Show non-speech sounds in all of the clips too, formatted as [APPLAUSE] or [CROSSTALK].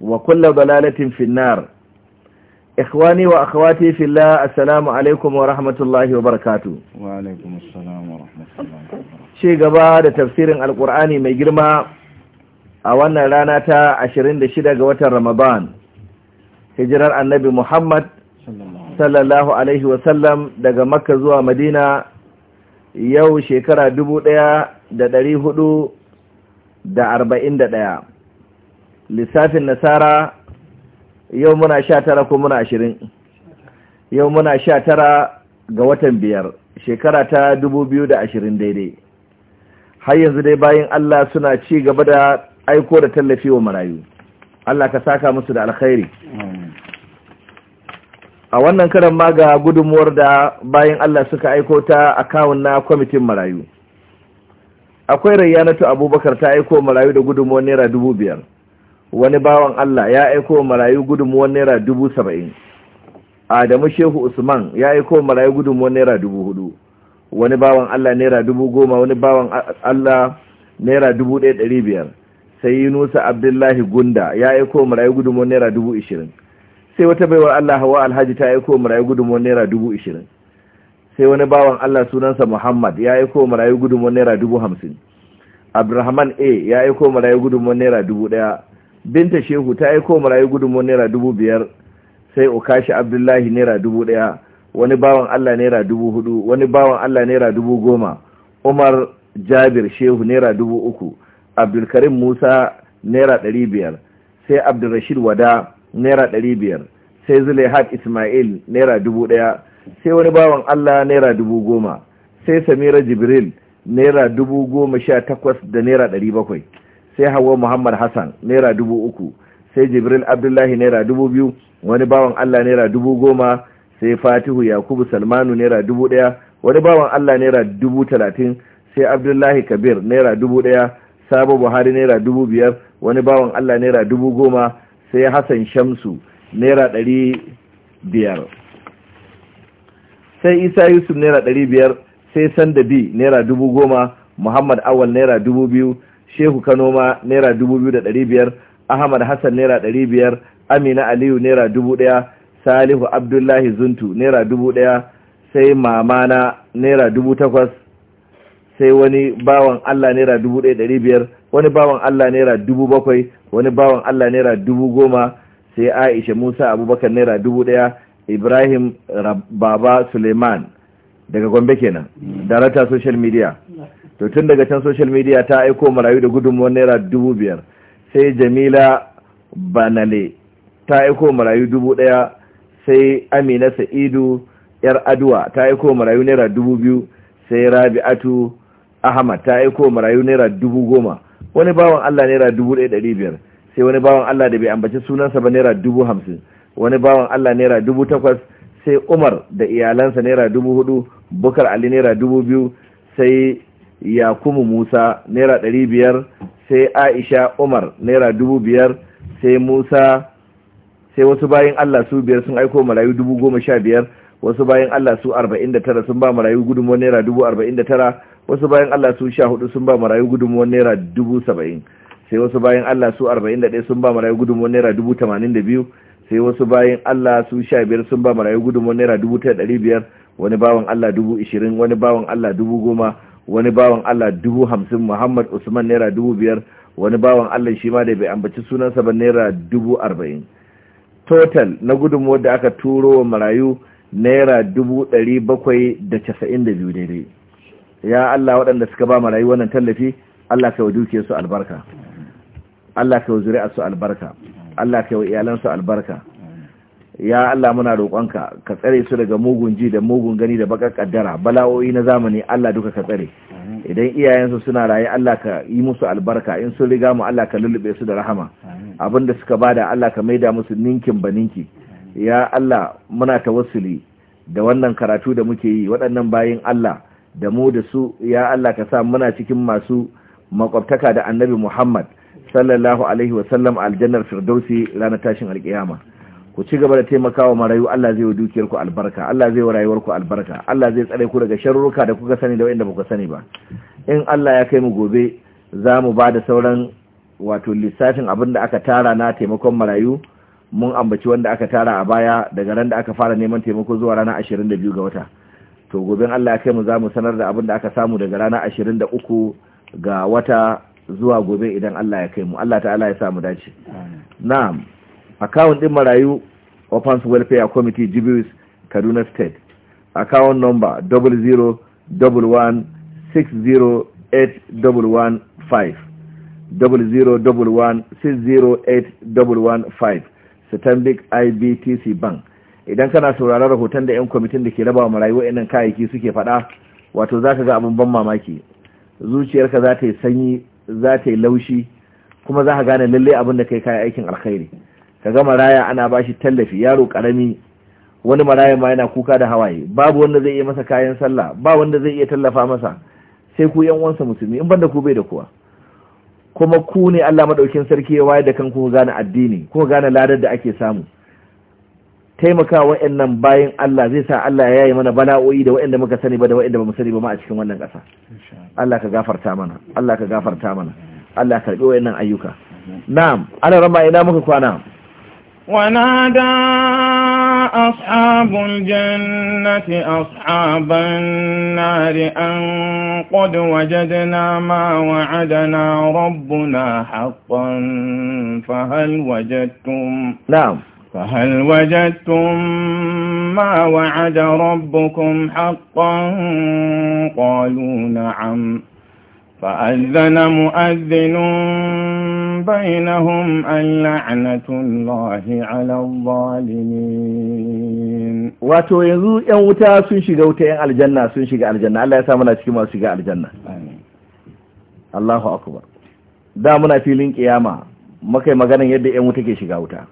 wa kulla dalalatin finnar ikhwani wa akhwati fillah assalamu alaikum wa rahmatullahi wa barakatu ci gaba da tafsirin alqur'ani mai girma a wannan rana ta 26 ga watan ramadan Hijrar annabi muhammad sallallahu alaihi wa sallam daga makka zuwa madina yau shekara ɗaya. lissafin nasara yau muna sha tara ko muna ashirin yau muna sha tara ga watan biyar shekara ta dubu biyu da ashirin daidai har yanzu dai bayan Allah suna ci gaba da aiko da tallafi wa marayu Allah ka saka musu da alkhairi a wannan karan ma ga gudunmuwar da bayan Allah suka aiko ta akawun na kwamitin marayu akwai rayyanatu abubakar ta aiko marayu da gudunmuwar naira dubu biyar wani bawan Allah ya aiko marayu gudunmuwan naira dubu saba'in adamu shehu usman ya aiko marayu gudunmuwan naira dubu hudu wani bawan Allah naira dubu goma wani bawan Allah naira dubu ɗaya ɗari biyar sai yunusa abdullahi gunda ya aiko marayu gudunmuwan naira dubu ishirin sai wata baiwar Allah hawa alhaji ta aiko marayu gudunmuwan naira dubu ishirin sai wani bawan Allah sunansa muhammad ya aiko marayu gudunmuwan naira dubu hamsin abdulrahman a ya aiko marayu gudunmuwan naira dubu ɗaya binta shehu ta aiko marayu gudunmu naira dubu biyar sai ukashi abdullahi naira dubu ɗaya wani bawan allah naira dubu hudu wani bawan allah naira dubu goma umar jabir shehu naira dubu uku abdulkarim musa naira ɗari biyar sai abdulrashid wada naira ɗari biyar sai zulaihat ismail naira dubu ɗaya sai wani bawan allah naira dubu goma sai samira jibril naira dubu goma sha takwas da naira ɗari bakwai sai hawa muhammad hassan naira dubu uku sai jibril abdullahi naira dubu biyu wani bawan allah naira dubu goma sai fatihu yakubu salmanu naira dubu daya wani bawan allah naira dubu talatin sai abdullahi kabir naira dubu daya sabo buhari naira dubu biyar wani bawan allah naira dubu goma sai hassan shamsu naira ɗari biyar sai isa yusuf naira ɗari biyar sai sanda b naira dubu goma muhammad awal naira dubu biyu shehu kano ma naira dubu biyu da ɗari biyar ahmad hassan naira ɗari biyar amina aliyu naira dubu ɗaya salihu abdullahi zuntu naira dubu ɗaya sai mamana naira dubu takwas sai wani bawan allah naira dubu ɗaya ɗari biyar wani bawan allah naira dubu bakwai wani bawan allah naira dubu goma sai aisha musa abubakar naira dubu ɗaya ibrahim baba suleiman daga gombe kenan darata social media to tun daga can social media ta aiko marayu da gudunmuwar naira dubu biyar sai jamila banale ta aiko marayu dubu ɗaya sai amina sa'idu yar aduwa ta aiko marayu naira dubu biyu sai rabi'atu ahmad ta aiko marayu naira dubu goma wani bawan allah naira dubu ɗaya ɗari biyar sai wani bawan allah da bai ambaci sunansa ba naira dubu hamsin wani bawan allah naira dubu takwas sai umar da iyalansa naira dubu hudu bukar ali naira dubu biyu sai yakubu musa naira ɗari biyar sai aisha umar naira dubu biyar sai musa sai wasu bayan allah su biyar sun aiko marayu dubu goma sha biyar wasu bayan allah su arba'in da tara sun ba marayu gudunmuwar naira dubu arba'in da tara wasu bayan allah su sha hudu sun ba marayu gudunmuwar naira dubu saba'in sai wasu bayan allah su arba'in da ɗaya sun ba marayu gudunmuwar naira dubu tamanin da biyu sai wasu bayan allah su sha biyar sun ba marayu gudunmuwar naira dubu ta ɗari biyar wani bawan allah dubu ishirin wani bawan allah dubu goma wani bawan Allah dubu hamsin Muhammad Usman naira dubu biyar wani bawan Allah shi ma da bai ambaci sunansa ba naira dubu arba'in total na gudunmu da aka turo wa marayu naira dubu ɗari bakwai da casa'in da biyu daidai ya Allah waɗanda suka ba marayu wannan tallafi Allah ka yi dukiyarsu albarka Allah ka yi zuri'arsu albarka Allah ka yi iyalansu albarka ya Allah muna roƙonka ka tsare su daga mugun ji da mugun gani da bakar kaddara bala'o'i na zamani Allah duka ka tsare idan iyayensu suna raye Allah ka yi musu albarka in sun riga mu Allah ka lullube su da rahama abin da suka bada Allah ka maida musu ninkin ba ninki ya Allah muna tawassuli da wannan karatu da muke yi waɗannan bayin Allah da mu da su ya Allah ka sa muna cikin masu makwabtaka da annabi Muhammad sallallahu alaihi aljannar firdausi ranar tashin alƙiyama. ku ci gaba da taimakawa marayu Allah zai wa dukiyarku albarka Allah zai wa rayuwarku albarka Allah zai tsare ku daga sharruka da kuka sani da wanda ba ku sani ba in Allah ya kai mu gobe za mu ba da sauran wato lissafin abin da aka tara na taimakon marayu mun ambaci wanda aka tara a baya daga ran da aka fara neman taimako zuwa da 22 ga wata to gobe Allah ya kai mu za mu sanar da abin da aka samu daga rana 23 ga wata zuwa gobe idan Allah ya kai mu Allah ta'ala ya sa mu dace na'am Akawun ɗin marayu orphans welfare committee jibis kaduna state account number 0011608115 0011608115 Stanbic IBTC Bank idan kana sauraron rahoton da 'yan kwamitin da ke raba marayu wa'annan kayayyaki suke faɗa wato za ka ga abin ban mamaki zuciyarka za ta yi sanyi za ta yi laushi kuma za ka gane lallai abin da kai kayan aikin alkhairi ka ga maraya ana bashi tallafi yaro karami wani maraya ma yana kuka da hawaye babu wanda zai iya masa kayan sallah ba wanda zai iya tallafa masa sai ku yan wansa musulmi in banda ku bai da kowa kuma ku ne Allah madaukin sarki ya wayar da kanku ku gane addini ku gane ladar da ake samu taimaka wa'annan bayan Allah zai sa Allah ya yi mana bala'o'i da wa'anda muka sani ba da wa'anda ba mu sani ba ma a cikin wannan ƙasa Allah ka gafarta mana Allah ka gafarta mana Allah karbi wa'annan ayyuka na'am ana rama ina muka kwana ونادى أصحاب الجنة أصحاب النار أن قد وجدنا ما وعدنا ربنا حقا فهل وجدتم نعم فهل وجدتم ما وعد ربكم حقا قالوا نعم فأذن مؤذن بينهم اللعنة الله على الظالمين wato yanzu yan wuta sun shiga wuta yan aljanna sun shiga aljanna Allah ya sa muna cikin masu shiga aljanna Allahu akbar da muna filin kiyama yi maganan yadda yan wuta ke shiga wuta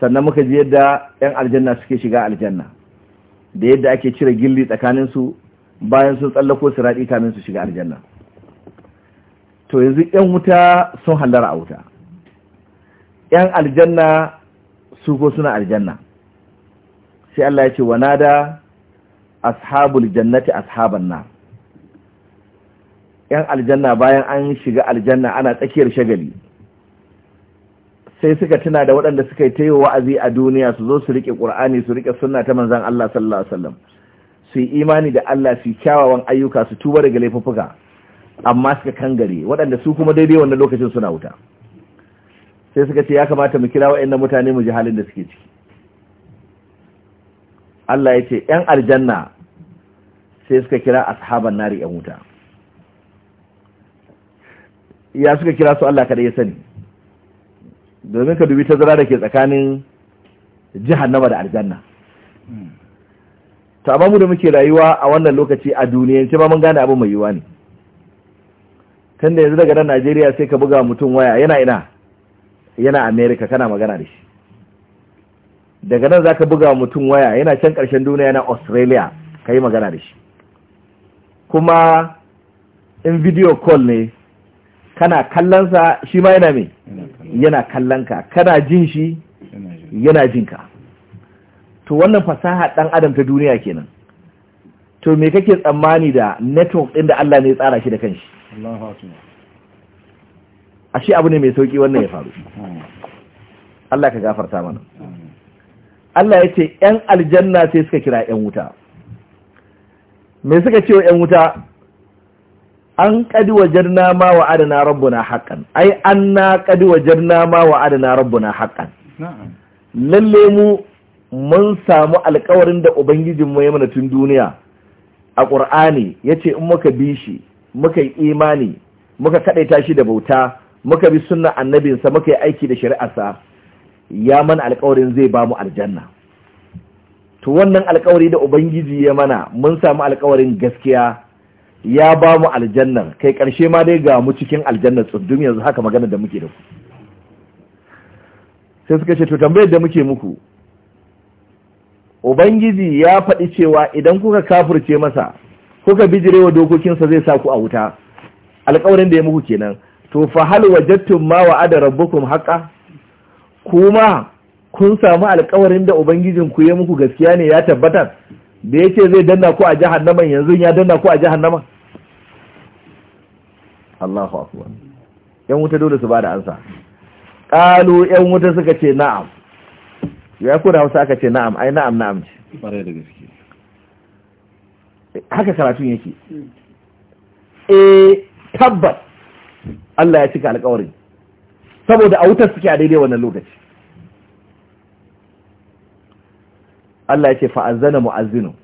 sannan muka ji yadda yan aljanna suke shiga aljanna da yadda ake cire gilli tsakaninsu bayan sun tsallako sirati kamin su shiga aljanna to yanzu yan wuta sun hallara a wuta yan aljanna su ko suna aljanna sai Allah ya ce wa nada ashabul jannati ashaban nar yan aljanna bayan an shiga aljanna ana tsakiyar shagali sai suka tuna da waɗanda suka yi tayo wa'azi a duniya su zo su riƙe qur'ani su riƙe sunna ta manzon Allah sallallahu alaihi wasallam su yi imani da Allah su kyawawan ayyuka su tuba daga laifuffuka amma suka kangare waɗanda su kuma daidai wannan lokacin suna wuta sai suka ce ya kamata mu kira waɗannan mutane mu ji halin da suke ciki Allah ya ce ‘yan aljanna sai suka kira ashaban nari ‘yan wuta ya suka kira su Allah kada ya sani domin ka dubi tazara da ke tsakanin nama da aljanna hmm. ta mu da muke rayuwa a wannan lokaci a duniyance ba mun gane abu mai yiwa ne da yanzu daga nan Najeriya sai ka buga mutum waya yana ina yana America kana magana da shi daga nan zaka buga mutum waya yana can karshen duniya yana Australia kai magana da shi kuma in video call ne kana sa shi ma yana me yana ka kana jin shi yana jin ka to wannan fasaha dan adam ta duniya kenan to me kake tsammani da network ɗin da Allah ne ya tsara shi da kanshi ashe abu ne mai sauki wannan ya faru hmm. Allah ka gafarta mana hmm. Allah ya ce ‘yan aljanna sai suka kira ‘yan wuta mai suka ce wa ‘yan wuta an ƙadi wajar nama wa adana rabbuna haƙan ai an na ƙadi wajar nama wa adana rabbuna haƙan lalle mu mun samu alkawarin da ubangijinmu ya mana tun duniya a ƙur'ani ya ce in muka bi shi muka yi imani muka kadaita shi da bauta muka bi sunna annabinsa muka yi aiki da shari'arsa ya mana alƙawarin zai ba mu aljanna to wannan alƙawari da ubangiji ya mana mun samu alƙawarin gaskiya ya ba mu aljannan kai ƙarshe ma dai ga mu cikin aljannan tsundum yanzu haka magana da muke da ku sai suka ce to tambayar da muke muku ubangiji ya faɗi cewa idan kuka kafurce masa kuka bijirewa dokokinsa zai sa ku a wuta alƙawarin da ya muku kenan to fa hal wajadtum ma wa'ada rabbukum haqa kuma kun samu alƙawarin da ubangijin ku ya muku gaskiya ne ya tabbatar da yake zai danna ku a jahannama yanzu ya danna ku a jahannama Allahu akbar yan wuta dole su bada ansa qalu yan wuta suka ce na'am ya ku da Hausa aka ce na'am ai na'am na'am ce bare da gaske haka karatun yake hmm. eh tabbas Allah ya cika alkawari saboda a wutar suke a daidai wannan lokaci Allah ya ce fa'azzana mu'azzinu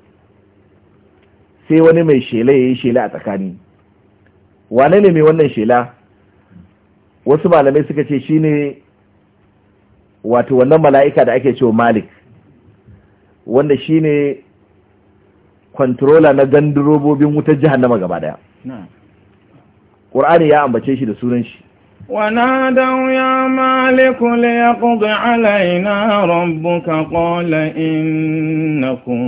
sai wani mai shela ya yi shela a tsakani wane ne mai wannan shela wasu malamai suka ce shi ne, wato wannan mala'ika da ake cewa malik wanda shi ne. controller na gandurobobin wutar jahannama gaba daya qur'ani ya ambace shi da sunan shi ya يا مالك ليقض علينا ربك قال إنكم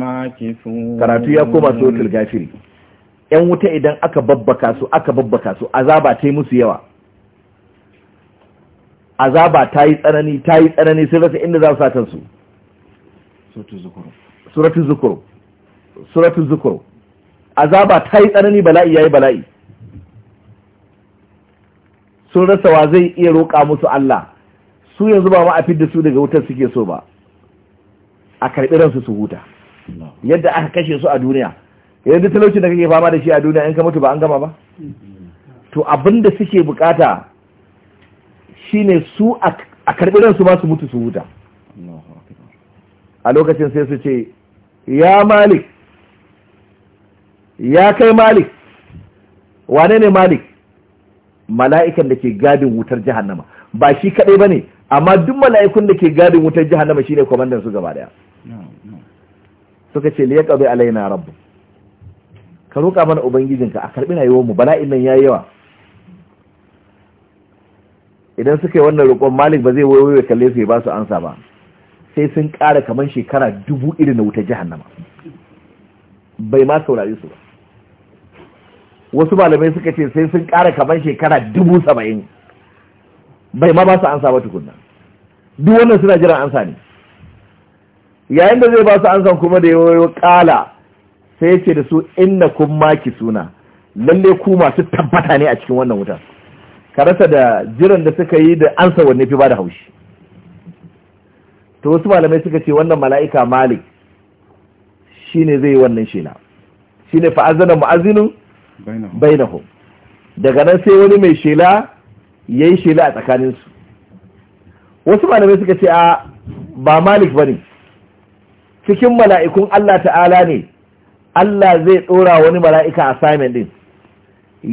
ماكثون karatu ya koma suratul gafiri yan wuta idan aka babbaka su aka babbaka su azaba ta yi musu yawa azaba ta yi tsanani ta yi tsanani sai rasa inda za su sa kansu sautu zukuru suratul zukuru, suratul zukuru, azaba ta yi tsanani bala'i yayi bala'i sun rasa wa zai iya roƙa musu Allah su yanzu ba ma a fidda su daga wutar suke so ba a karɓi ransu su huta yadda aka kashe su a duniya yadda talaucin da kake fama da shi a duniya in ka mutu ba an gama ba to abin da suke bukata shine su a karɓi ransu ma su mutu su huta a lokacin sai su ce ya malik ya kai malik wane ne malik mala'ikan da ke gadin wutar jahannama ba shi kadai ba ne amma duk mala'ikun da ke gadin wutar jahannama shine kwamandan su gaba daya suka ce liya alai na rabu ka roƙa mana ubangijinka a karɓi yi mu bala'in nan ya yi yawa idan suka yi wannan roƙon malik ba zai wayo ya kalle su ya ba su ansa ba sai sun ƙara kamar shekara dubu irin na wuta nama bai ma saurari su ba wasu malamai suka ce sai sun ƙara kamar shekara dubu saba'in bai ma ba su ansa ba tukunna duk wannan suna jiran ansa ne yayin da zai ba su ansan kuma da yawayo kala sai ce da su inna kun maki suna lalle ku masu tabbata ne a cikin wannan wuta ka rasa da jiran da suka yi da ansa wanne fi ba da haushi to wasu malamai suka ce wannan mala'ika malik shi ne zai yi wannan shi ne fa'azana mu'azzinun bainahum daga nan sai wani mai shela ya yi shela a tsakaninsu wasu malamai suka ce a ba malik ba ne. cikin mala'ikun Allah ta'ala ne Allah zai ɗora wani mala'ika a simon ɗin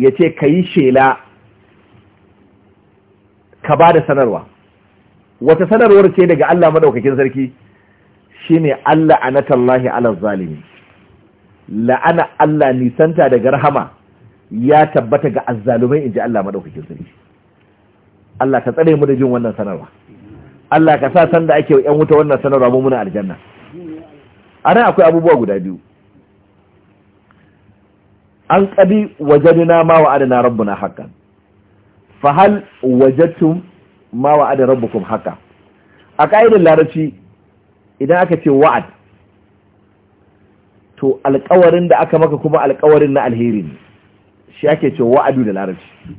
ya ce ka yi shela ka ba da sanarwa wata sanarwar ce daga Allah madaukakin sarki shine Allah anatallahi ala zalimi la'ana Allah nisanta daga rahama ya tabbata ga azzalumai inji Allah madaukakin sarki Allah ka tsare mu da jin wannan sanarwa Allah ka sa san da ake yan wuta wannan sanarwa mu muna aljanna a nan akwai abubuwa guda biyu an kadi wajadna ma wa adana rabbuna haqqan fa hal wajadtum ma wa'ada rabbukum haka a ka'idar larabci idan aka ce wa'ad to alƙawarin da aka maka kuma alƙawarin na alheri ne shi ake ce wa'adu da larabci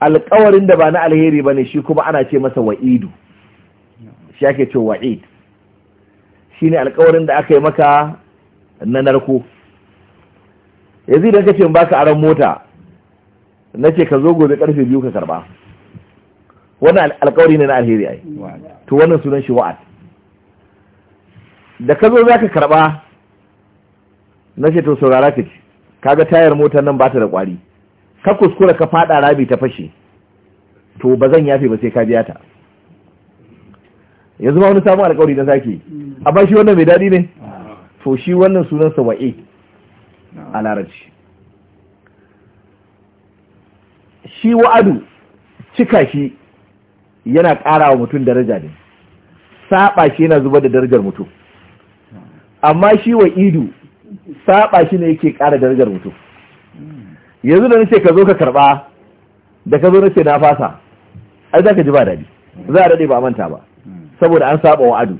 alƙawarin da ba na alheri ba ne shi kuma ana ce masa wa'idu shi ake ce wa'id ne alƙawarin da aka yi maka na narko yanzu idan kace ce baka aron mota Na ce ka zo gobe karfe biyu ka karba wannan alkawari ne na alheri ai to wannan sunan shi wa'ad da ka zo za ka karɓa na ce to saurara ka ci kaga tayar motar nan ba ta da ƙwari ka kuskura ka faɗa Rabi ta fashe to ba zan yafe ba sai ka biya ta yanzu ma wani samun alƙawari na zaki hmm. amma shi wannan mai daɗi ne to shi wannan sunan sa wa'e a larabci shi wa'adu cika shi yana ƙara wa mutum daraja ne Saɓa shi yana zubar da darajar mutum amma shi wa idu saɓa shi ne yake ƙara darajar mutum yanzu da nace ka zo ka karɓa, da ka zo nace na fasa ai za ka ji ba daɗi za a daɗe ba manta ba saboda an saɓa wa adu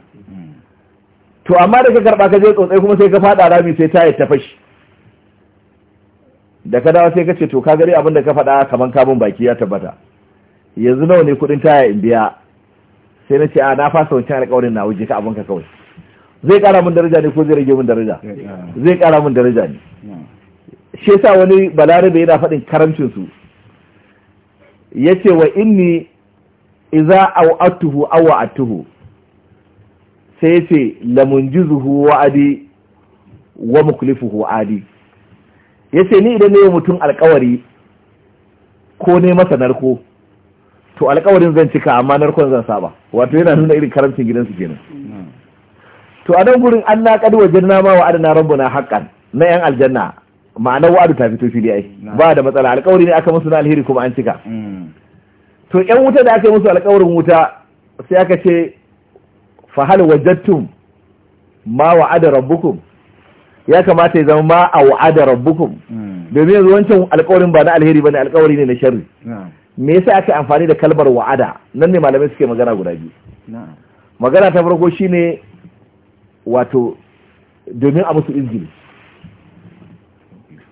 to amma da ka karɓa ka je tsotsai kuma sai ka faɗa rami sai ta ta fashi da ka dawo sai ka ce to ka gari abin da ka faɗa kaman kabin baki ya tabbata yanzu nawa ne kudin taya in biya sai na ce a na fasa wancan alkawarin na wuce ka abin ka kawai zai kara min daraja ne ko zai rage min daraja zai kara min daraja ne shi yasa wani balarabe yana faɗin karamcin su yace wa inni idza awatuhu aw atuhu sai yace lamunjizuhu adi wa muklifuhu adi yace ni idan ne mutum alkawari ko ne masa narko to alƙawarin zan cika amma narkon zan saba wato yana nuna irin karamcin gidansu kenan to a nan gurin an na wajen nama wa adana rabbuna haƙƙan na yan aljanna ma'anar wa'adu ta fito fili ai ba da matsala alƙawari ne aka musu na alheri kuma an cika mm. to yan wuta da aka yi musu alƙawarin wuta sai aka ce fa hal wajadtum ma wa'ada rabbukum ya kamata ya zama ma a wa'ada rabbukum mm. domin yanzu wancan alƙawarin ba na alheri bane alƙawari ne na sharri me yasa aka amfani da kalmar wa'ada nan ne malamai suke magana guda biyu magana ta farko shine wato domin a musu izini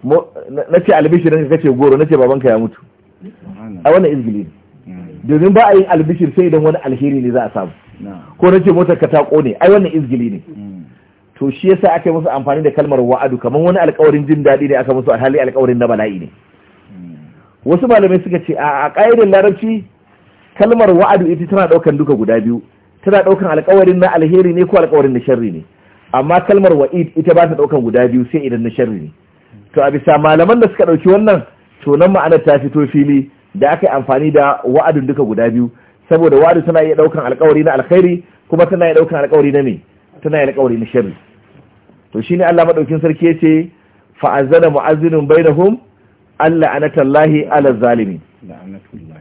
na ce albishir ne kace goro na ce babanka ya mutu a wannan izgili ne domin ba a yin albishir sai idan wani alheri ne za a samu ko na ce motar ka ta kone ai wannan izgili ne mm. to shi yasa aka yi musu amfani da kalmar wa'adu kamar wani alkawarin jin daɗi ne aka musu a hali alkawarin na bala'i ne wasu malamai suka ce a ƙa'idar larabci kalmar wa'adu ita tana ɗaukan duka guda biyu tana ɗaukan alƙawarin na alheri ne ko alƙawarin na sharri ne amma kalmar wa'id ita ba ta ɗaukan guda biyu sai idan na sharri ne to a bisa malaman da suka ɗauki wannan to nan ma'anar ta fito fili da aka yi amfani da wa'adun duka guda biyu saboda wa'adu tana iya ɗaukan alƙawari na alkhairi kuma tana iya ɗaukan alƙawari na me tana iya alƙawari na sharri to shine Allah madaukin sarki yace fa'azzana mu'azzinun bainahum An la'anatar anatallahi ala zalimi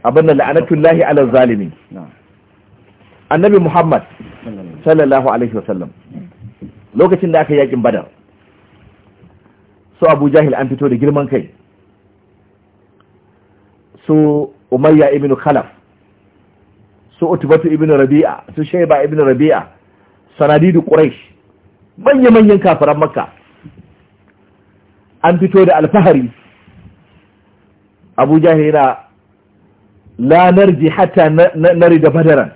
abinda la'anatullahi ala zalimi annabi Muhammad sallallahu alaihi wasallam lokacin da aka yakin badar su abu jahil an fito da girman kai su umayya ibn khalaf su utubatu ibn rabi'a su shaiba ibn rabi'a sanadidu quraish manya-manyan kafiran makka an fito da alfahari abu jahil yana la narji hata nari da badaran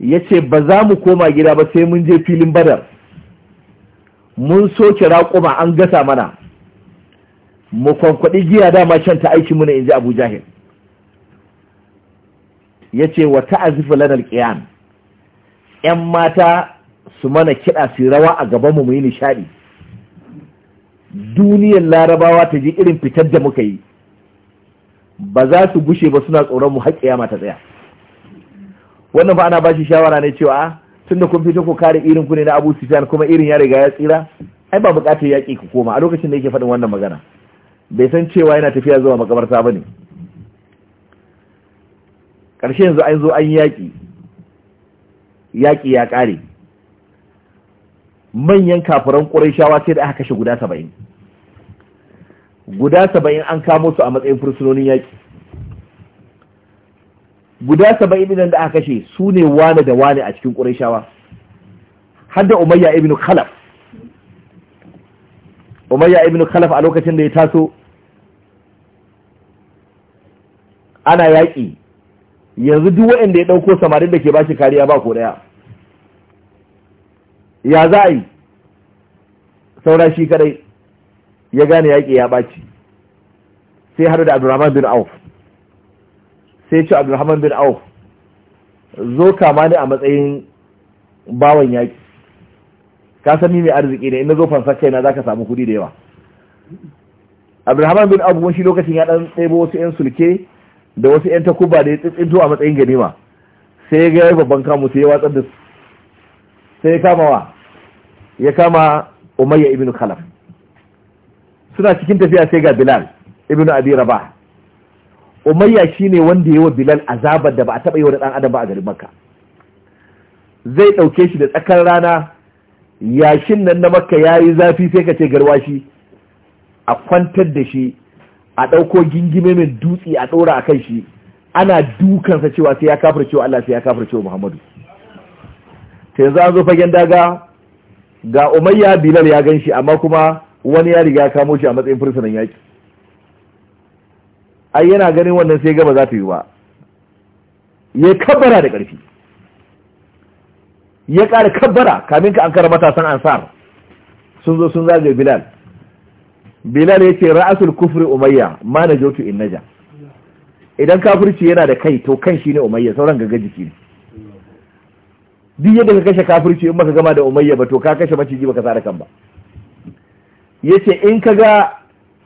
ya ce ba za mu koma gida ba sai mun je filin badar mun soke raƙuma an gasa mana mu kwankwaɗi giya dama can ta aiki muna in ji abu ya ce wa ta'azifu lanar ƙiyan 'yan mata su mana kiɗa su rawa a gabanmu mu yi nishaɗi duniyar larabawa ta ji irin fitar da muka yi ba za su gushe ba suna tsoron mu har kiyama ta tsaya wannan ba ana ba shi shawara ne cewa ah, tunda kun fito ku kare irin ku ne na Abu Sufyan kuma irin ya riga ya tsira ai ba bukatar yaƙi ku koma a lokacin da yake faɗin wannan magana bai san cewa yana tafiya zuwa makabarta bane ƙarshe yanzu an zo an yaƙi yaƙi ya ƙare manyan kafiran ƙurai shawa sai da aka kashe guda saba'in guda saba'in an kamo su a matsayin fursunonin yaƙi guda saba'in idan da aka kashe su ne wane da wane a cikin ƙurashawa har da umayya ibn khalaf umayya ibn khalaf a lokacin da ya taso ana yaƙi yanzu duk waɗanda ya ɗauko samarin da ke ba shi kariya ba ko ɗaya ya za a yi saura shi kadai ya gane yaƙi ya ɓaci sai haɗu da Abdulrahman bin auf sai ce Abdulrahman bin auf zo kama ne a matsayin bawan yaƙi ka sani mai arziki ne ina zo fansa na za ka samu kuɗi da yawa Abdulrahman bin auf wani shi lokacin ya ɗan tsebo wasu 'yan sulke da wasu 'yan takuba da ya tsintsinto a matsayin ganima sai ya ga babban kamu sai ya watsar da su sai ya kama wa ya kama umayya ibn khalaf suna cikin tafiya sai ga bilal ibn abi rabah umayya shine wanda yayi wa bilal azabar da ba a taba yi wa dan adam ba a garin makka zai dauke shi da tsakar rana yashin nan na makka yayi zafi sai ka ce garwashi a kwantar da shi a dauko gingime mai dutse a dora akan shi ana dukansa cewa sai ya cewa Allah sai ya cewa Muhammadu sai yanzu an zo fagen daga ga umayya bilal ya gan shi amma kuma wani ya riga kamo shi a matsayin fursunan yaƙi. ai yana ganin wannan sai gaba za ta yi ba ya kabbara da ƙarfi ya ƙara kabbara kamin ka an kara matasan ansar sun zo sun zagaye bilal bilal ya ce ra'asul kufri umayya ma na jotu in naja idan kafirci yana da kai to kan shi ne umayya sauran gaga jiki ne duk yadda ka kashe kafirci in baka gama da umayya ba to ka kashe maciji baka sa da kan ba yace in kaga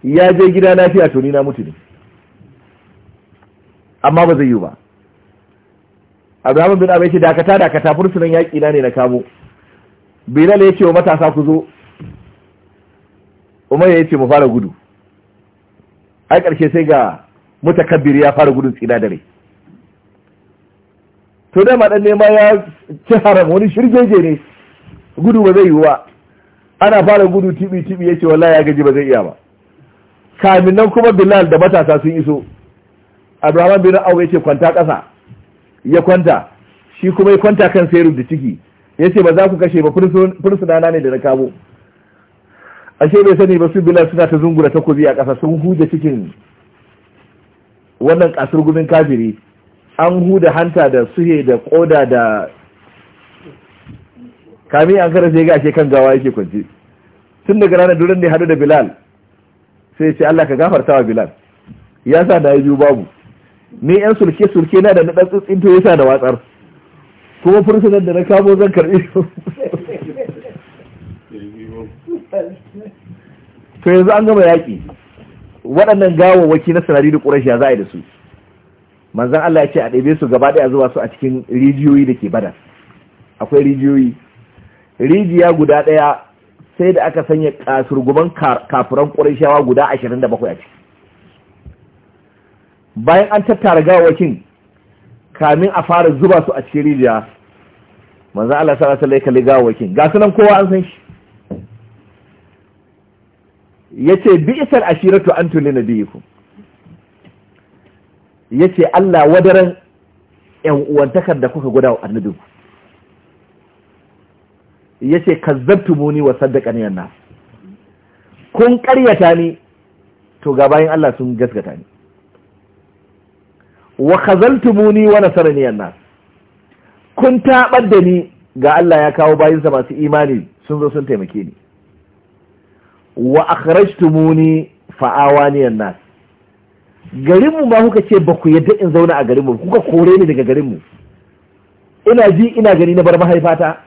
ya je gida lafiya to ni na mutu ne amma ba zai yi ba Abraham bin Abi ce dakata dakata fursunan yaƙi na ne na kamo Bilal ce wa matasa ku zo Umar ya ce mu fara gudu ai ƙarshe sai ga mutakabbir ya fara gudun tsina dare to dama dan nema ya ci haram wani shirgeje ne gudu ba zai yi ba ana fara gudu tibi tibi yace wallahi ya gaji ba zai iya ba kamin nan kuma Bilal da matasa sun iso Abraham bin Awf yace kwanta ƙasa ya kwanta shi kuma ya kwanta kan sayar da ciki yace ba za ku kashe ba fursuna ne da na kamo ashe bai sani ba su Bilal suna ta zungura takobi a ƙasa sun huda cikin wannan kasar gudun kafiri an huda hanta da suhe da koda da kami an kara sai gashe kan gawa yake kwance tun daga ranar duran ne hadu da bilal sai ce Allah ka gafarta wa bilal ya sa da ya biyu babu ni yan sulke sulke na da na ɗan tsitsin to sa da watsar kuma fursunan da na kamo zan karɓi to yanzu an gama yaki waɗannan gawawwaki na sanari da ƙurashi za a yi da su manzan Allah ya ce a ɗebe su gaba ɗaya zuwa su a cikin rijiyoyi da ke bada akwai rijiyoyi rijiya guda ɗaya sai da aka sanya kasurguban kafuran ƙurashawa guda ashirin da bakwai a ciki bayan an tattara gawakin kamin a fara zuba su a cikin rijiya manzan Allah sallallahu alaihi kalli gawakin ga sunan kowa an san shi Ya yace bi isar ashiratu antu ku. Ya ce Allah wadaran 'yan uwantakar da kuka guda wa annabinku Ya ce yace muni wa saddaka ni nas kun karyata ni to ga bayan Allah sun gaskata ni wa muni wa nasarani an-nas kun tabar da ni ga Allah ya kawo sa masu imani sun zo sun taimake ni wa fa awani an-nas garinmu ma kuka ce ba ku yadda in zauna a garinmu kuka kore ni daga garinmu ina ji ina gani na bar mahaifata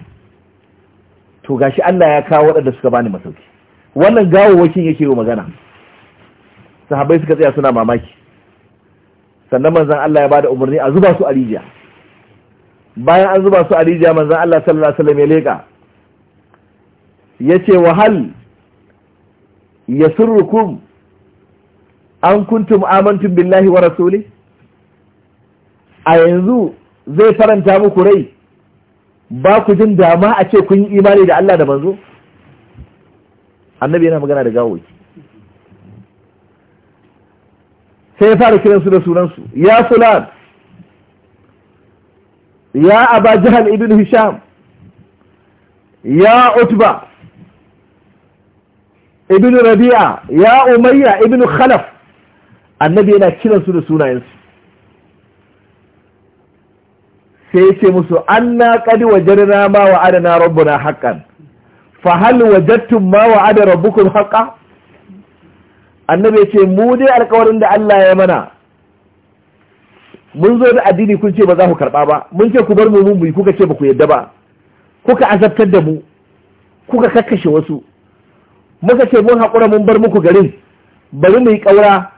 to gashi Allah ya kawo waɗanda suka bani masauki wannan gawawwakin yake yi magana sahabbai suka tsaya suna mamaki sannan manzan Allah ya bada umarni a zuba su a rijiya bayan an zuba su a rijiya manzan Allah sallallahu alaihi wasallam ya leka yace wahal yasurukum an kuntum amantum billahi wa rasuli a yanzu zai faranta muku rai ba ku jin dama a ce kun yi imani da Allah da manzo annabi yana magana da gawoki sai ya fara kiransu da sunansu ya fulan ya aba jihar ibn hisham ya utba ibn rabi'a ya umayya ibn khalaf annabi yana kiransu da sunayensu sai ya ce musu anna wajen na ma wa'adana na haƙƙan, fa hal wajadtum ma wa'ada kun haqqan annabi ya ce mu ne alƙawarin da Allah ya mana mun zo da addini kun ce ba za ku karɓa ba mun ce ku bar mu mun kuka ce ba ku yadda ba kuka azabtar da mu kuka kakkashe wasu muka ce mun haƙura mun bar muku garin bari mu yi ƙaura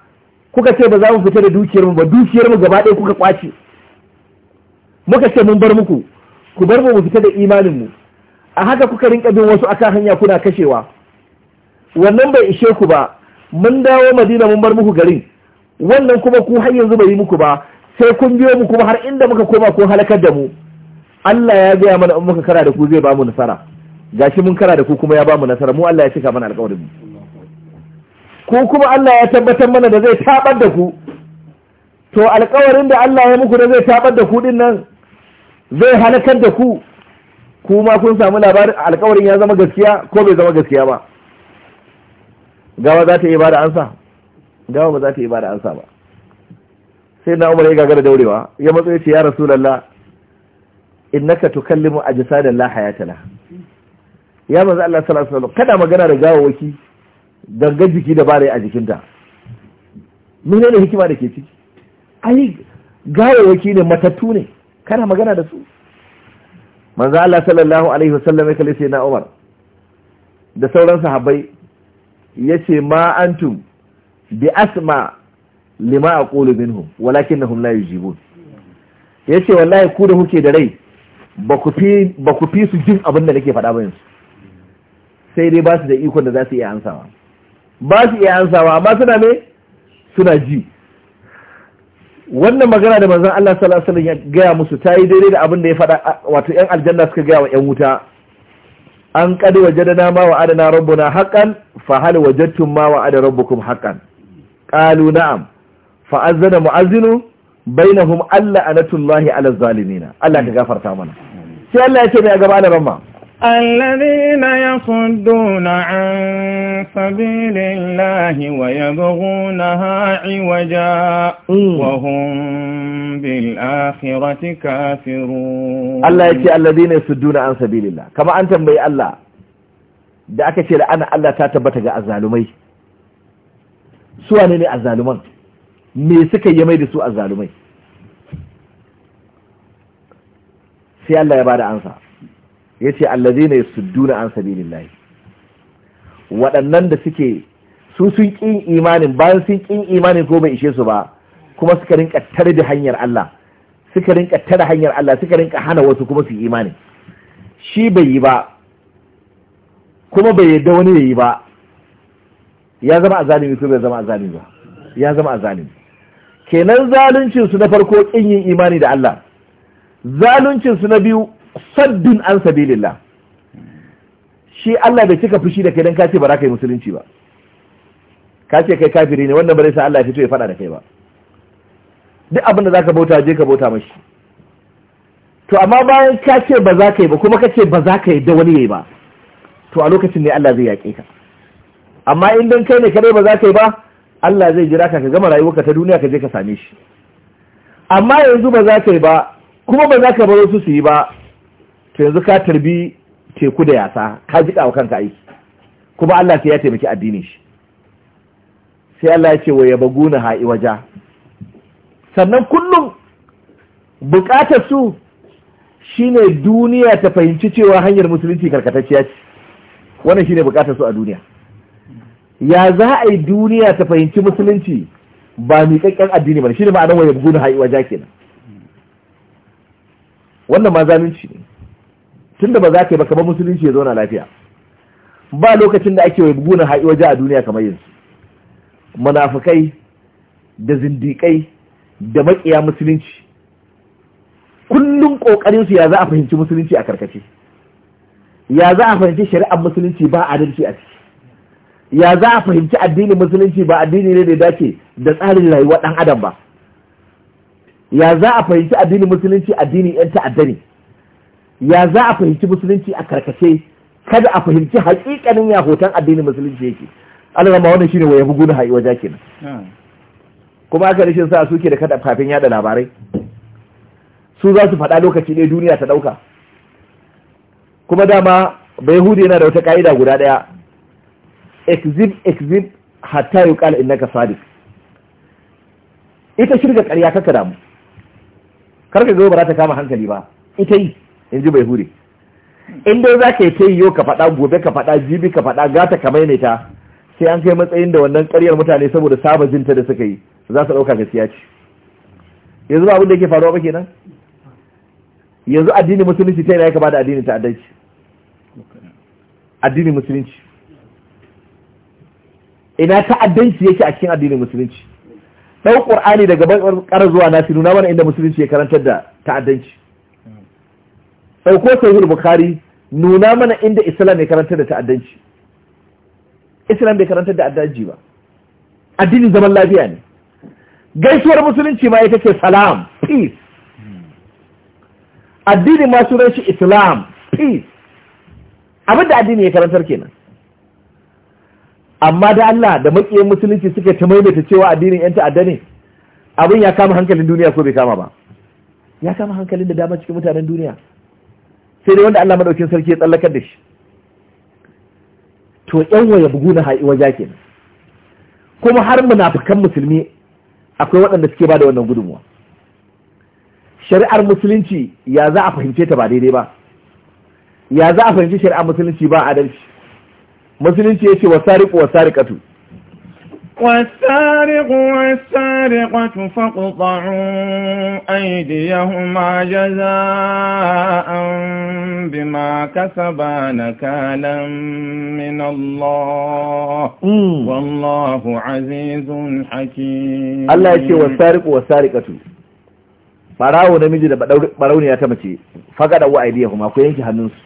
kuka ce ba za mu fita da dukiyar mu ba dukiyar mu gaba ɗaya kuka kwace muka ce mun bar muku ku bar mu mu fita da imanin mu a haka kuka rinka bin wasu akan hanya kuna kashewa wannan bai ishe ku ba mun dawo madina mun bar muku garin wannan kuma ku har yanzu bai yi muku ba sai kun biyo mu kuma har inda muka koma ko halakar da mu Allah ya gaya mana in muka kara da ku zai ba mu nasara gashi mun kara da ku kuma ya ba mu nasara mu Allah ya cika mana alƙawarin mu ko kuma Allah ya tabbatar mana da zai tabar da ku to alƙawarin da Allah ya muku da zai tabar da ku din nan zai halakar da ku kuma kun samu labarin alkawarin ya zama gaskiya ko bai zama gaskiya ba gawa za ta yi bada ansa gawa ba za ta yi bada ansa ba sai na umar ya gagara daurewa ya matsayi ce ya rasulallah innaka tukallimu ajsadan la laha ya manzo Allah sallallahu alaihi wasallam kada magana da gawawaki Ganga jiki da bare a jikinta menene hikima da ke ciki ai gawawaki ne matattu ne kana magana da su manzo Allah sallallahu alaihi wasallam ya kalle na Umar da sauran sahabbai yace ma antum bi asma lima aqulu minhum walakinahum la yujibun yace wallahi ku da kuke da rai ba ku fi ba ku fi su jin abin da nake faɗa ba yanzu sai dai ba su da iko da za su iya ansawa ba su iya ansawa amma suna me suna ji wannan magana da manzon Allah sallallahu alaihi wasallam ya gaya musu ta yi daidai da abin da ya faɗa wato ƴan aljanna suka gaya wa ƴan wuta an qad wajadna ma wa adana rabbuna haqqan fa hal wajadtum ma wa adana rabbukum haqqan qalu na'am fa azana mu'azzinu bainahum alla anatullahi ala zalimina Allah ya gafarta mana sai Allah ya ce mai gaba da ramma الذين يصدون عن سبيل الله ويبغونها عوجا وهم بالآخرة كافرون الله يتي الذين يصدون عن سبيل الله كما أنت بي الله da aka ce la'ana Allah ta tabbata ga azzalumai su wane ne azzaluman me suka yi mai da su azzalumai sai Allah ya bada ansa ya ce yace allazina duna an sabilillahi waɗannan da suke su sun ƙin imanin bayan sun ƙin imanin ko bai ishe su ba kuma suka rinka tare da hanyar Allah suka rinka tare hanyar Allah suka rinka hana wasu kuma su imanin shi bai yi ba kuma bai yadda wani ya yi ba ya zama azalimi ko bai zama azalimi ba ya zama azalimi kenan zaluncin su na farko ƙin yin imani da Allah zaluncin su na biyu saddin an sabilillah shi Allah bai cika fushi da kai dan kace ba za ka yi musulunci ba kace kai kafiri ne wannan ba zai sa Allah ya fito ya fada da kai ba duk abin da zaka bauta je ka bauta mashi to amma bayan ka ce ba za ka yi ba kuma ka ce ba za ka yi da wani yayi ba to a lokacin ne Allah zai yaƙe ka amma in dan kai ne kadai ba za ka yi ba Allah zai jira ka ka gama rayuwarka ta duniya ka je ka same shi amma yanzu ba za ka yi ba kuma ba za ka bar wasu su yi ba to yanzu ka tarbi teku da yasa ka jika wa kanka aiki kuma Allah sai ya taimaki addini shi sai Allah ya ce wa yabaguna ha'i waja sannan kullum buƙatar su shine duniya ta fahimci cewa hanyar musulunci karkatacciya ce wannan shine buƙatar su a duniya ya za a yi duniya ta fahimci musulunci ba miƙaƙƙen addini ba shine ma'anar wa yabaguna ha'i waja kenan wannan ma zalunci ne tunda ba za ka yi ba kamar musulunci ya zauna lafiya ba lokacin da ake na haɗi waje a duniya kamar yanzu munafukai da zindiƙai da maƙiya musulunci kullum ƙoƙarin su ya za a fahimci musulunci a karkace ya za a fahimci shari'ar musulunci ba adalci a ciki ya za a fahimci addinin musulunci ba addini ne da dace da tsarin rayuwar ɗan adam ba ya za a fahimci addinin musulunci addinin yan ta'adda ne ya za a fahimci musulunci a karkace kada a fahimci hakikanin ya hoton addinin musulunci yake Allah ma wannan shine waya buguna hayi waja kenan hmm. kuma aka rishin sa suke da kada kafin yada labarai su za su faɗa lokaci ne duniya ta ɗauka kuma dama bai hudu yana da wata ka'ida guda daya exhib exhib hatta yuqal innaka sadiq ita shirga ƙarya kaka damu karka zo ba za ta kama hankali ba ita yi in ji bai hure in dai za ka yi ta yiwu ka faɗa gobe ka faɗa jibi ka faɗa gata ka maimaita sai an kai matsayin da wannan ƙaryar mutane saboda saba jinta da suka yi za su ɗauka gaskiya ce yanzu ba abin da yake faruwa ba kenan yanzu addini musulunci ta yana ya kama da addini ta'addanci addini musulunci ina ta'addanci yake a cikin addinin musulunci ɗau ƙur'ani daga ƙara zuwa na nasiru na mana inda musulunci ya karantar da ta'addanci ɗauko sahihul bukhari nuna mana inda islam ya karanta da ta'addanci islam bai karanta da addaji ba addini zaman lafiya ne gaisuwar musulunci ma ita ce salam peace addini ma sunan shi islam peace abin da addini ya karantar kenan amma da Allah da makiyin musulunci suka ta maimaita cewa addinin yan ta'adda ne abin ya kama hankalin duniya ko bai kama ba ya kama hankalin da dama cikin mutanen duniya sai dai wanda Allah madaukin sarki ya tsallakar da shi to yan waya bugu na ha'i waja nan. kuma har munafukan musulmi akwai waɗanda suke ba da wannan gudunmuwa shari'ar musulunci ya za a fahimce ta ba daidai ba ya za a fahimci shari'ar musulunci ba adalci musulunci ya ce wa sariƙu wa والسارق والسارقة فاقطعوا أيديهما جزاء بما كسبا نكالا من الله والله عزيز حكيم الله يكي والسارق والسارقة barawo namiji da barauniya ta mace fagada wa aidiyahuma ko yanke hannunsu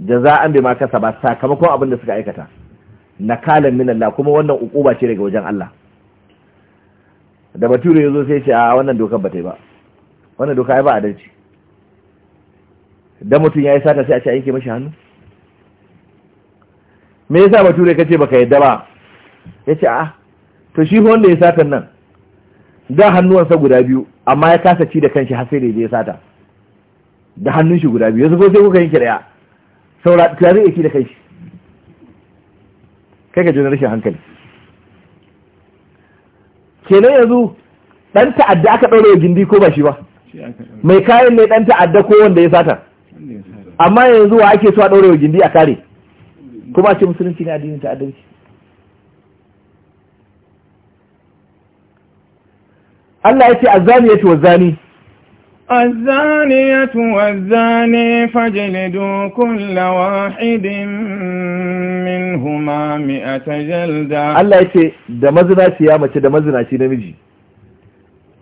jaza'an bima kasaba sakamakon abin da suka aikata nakalan min Allah kuma wannan ukuba ce daga wajen Allah da bature yazo sai ce a wannan dokar ba ta yi ba wannan doka ai ba adalci da mutum yayi sata sai a ce a yanke mashi hannu me yasa bature kace baka yadda ba yace a to shi wanda ya satan nan da hannuwansa guda biyu amma ya kasa ci da kanshi har sai da ya sata da hannun shi guda biyu yanzu ko sai kuka yanke daya saura tare yake da kanshi kai ka ji rashin hankali kenan yanzu dan ta'adda aka ɗaure wa gindi ko ba shi ba mai kayan ne dan ta'adda ko wanda ya sata amma yanzu wa ake so a ɗaure wa gindi a kare kuma a ce musulunci ne addinin ta'addanci Allah ya ce azzani ya ce wa zani الزانية والزاني فاجلدوا كل واحد منهما مئة جلدة الله يتي da mazinaci ya mace da mazinaci namiji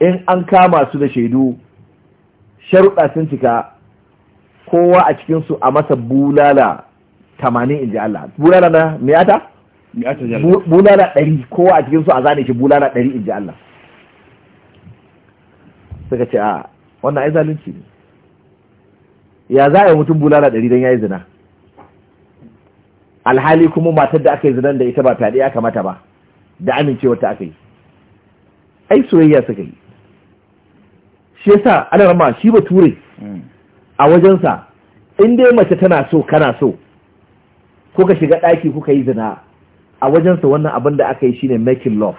in an kama su da shaidu sharuɗa sun cika kowa a cikinsu a masa bulala tamanin inji Allah bulala na miyata? miyata jalda bulala ɗari kowa a cikinsu a zane shi bulala ɗari inji Allah suka ce a wannan ai zalunci ne ya za a yi mutum bulala ɗari don ya yi zina alhali kuma matar da aka yi zinan da ita ba fyaɗe ya kamata ba da amincewar ta aka yi ai soyayya suka yi shi sa ana rama shi ba ture a wajensa in dai mace tana so kana so kuka shiga ɗaki kuka yi zina a wajensa wannan abin da aka yi shine making love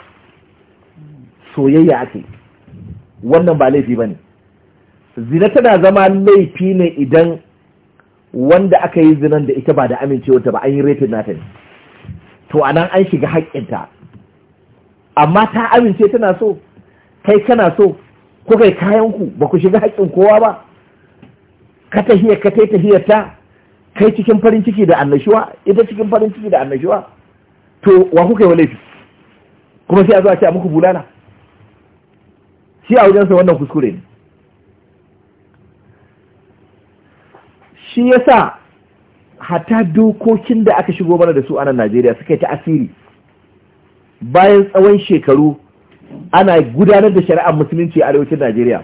soyayya aka wannan ba laifi ba ne zina tana zama laifi ne idan wanda aka yi zinan da ita ba da amincewarta ba an yi retin nata ne to anan an shiga haƙƙinta amma ta amince tana so kai kana so ko kai kayanku ba ku shiga haƙƙin kowa ba ka tahiyar ka tai tahiyar ta kai cikin farin ciki da annashuwa ita cikin farin ciki da annashuwa to wa kuka yi wa laifi kuma sai a zo a ce a muku bulala shi a wajensa wannan kuskure ne shi sa, hata dokokin da aka shigo mana da su a nan Najeriya suka yi ta asiri bayan tsawon shekaru ana gudanar da shari'ar musulunci a arewacin Najeriya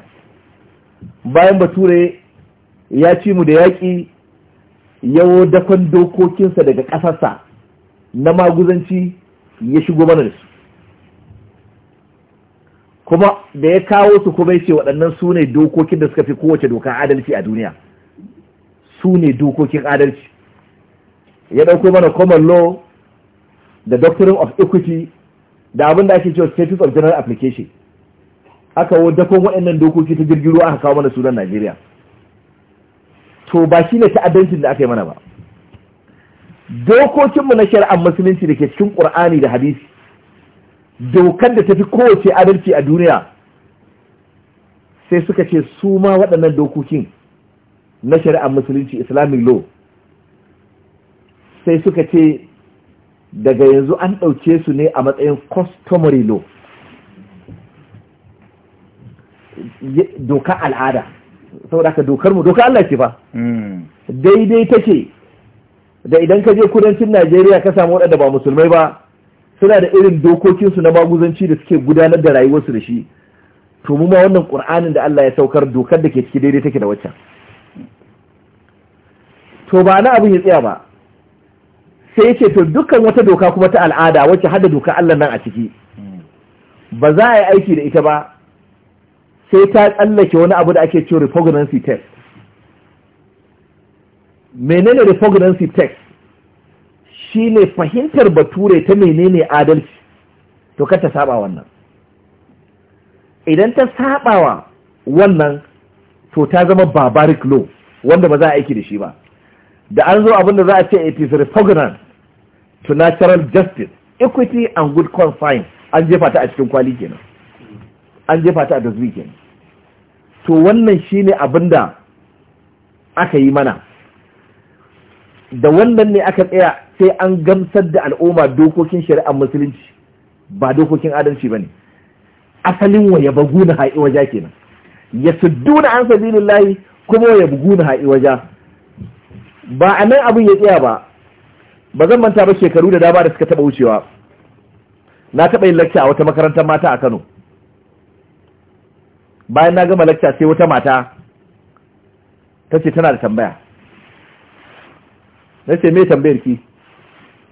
bayan bature ya ci mu da yaƙi yawo dakon dokokinsa daga ƙasarsa na maguzanci ya shigo mana da su kuma da ya kawo su kuma ya ce waɗannan su ne dokokin da suka fi kowace dokar adalci a duniya su ne dokokin adalci ya ɗauko mana common law da doctrine of equity da abin da ake cewa status of general application aka wo dakon waɗannan dokoki ta girgiro aka kawo mana sunan Najeriya to ba shi ne ta'addancin da aka yi mana ba dokokinmu na shari'ar musulunci da ke cikin ƙur'ani da hadisi dokar da tafi kowace adalci a duniya sai suka ce su ma waɗannan dokokin na shari'ar musulunci islamic law sai suka ce daga yanzu an ɗauke su ne a matsayin customary law doka al'ada saboda ka dokar mu doka Allah ce fa hmm. daidai ta ce da idan ka je kudancin Najeriya ka samu waɗanda ba musulmai ba suna da irin dokokinsu na maguzanci da suke gudanar da rayuwarsu da shi to mu ma wannan qur'anin da Allah ya saukar dokar da ke ciki daidai take da waccan to ba na abin ya tsaya ba sai ce to dukkan wata doka kuma ta al'ada wacce hada doka Allah nan a ciki ba za a yi aiki da ita ba sai ta tsallake wani abu da ake cewa repugnancy test menene repugnancy test ne fahimtar bature ta menene adalci to kar ta saba wannan idan ta sabawa wannan to ta zama barbaric law wanda ba za a aiki da shi ba da an zo abin da za a ce it is repugnant to natural justice equity and good confine an jefa ta a cikin kwali kenan an jefa ta a dazuri kenan to wannan shine abin da aka yi mana da wannan ne aka tsaya sai an gamsar da al'umma dokokin shari'ar musulunci ba dokokin adalci ba ne asalin wa ya bagu na ha'i waja kenan ya suddu na an sabilillahi kuma wa ya bugu na ha'i waja ba a nan abin ya tsaya ba ba zan manta ba shekaru da dama da suka taɓa wucewa na taɓa yin lakca a wata makarantar mata a kano bayan na gama lakca sai wata mata ta ce tana da tambaya na ce me tambayar ki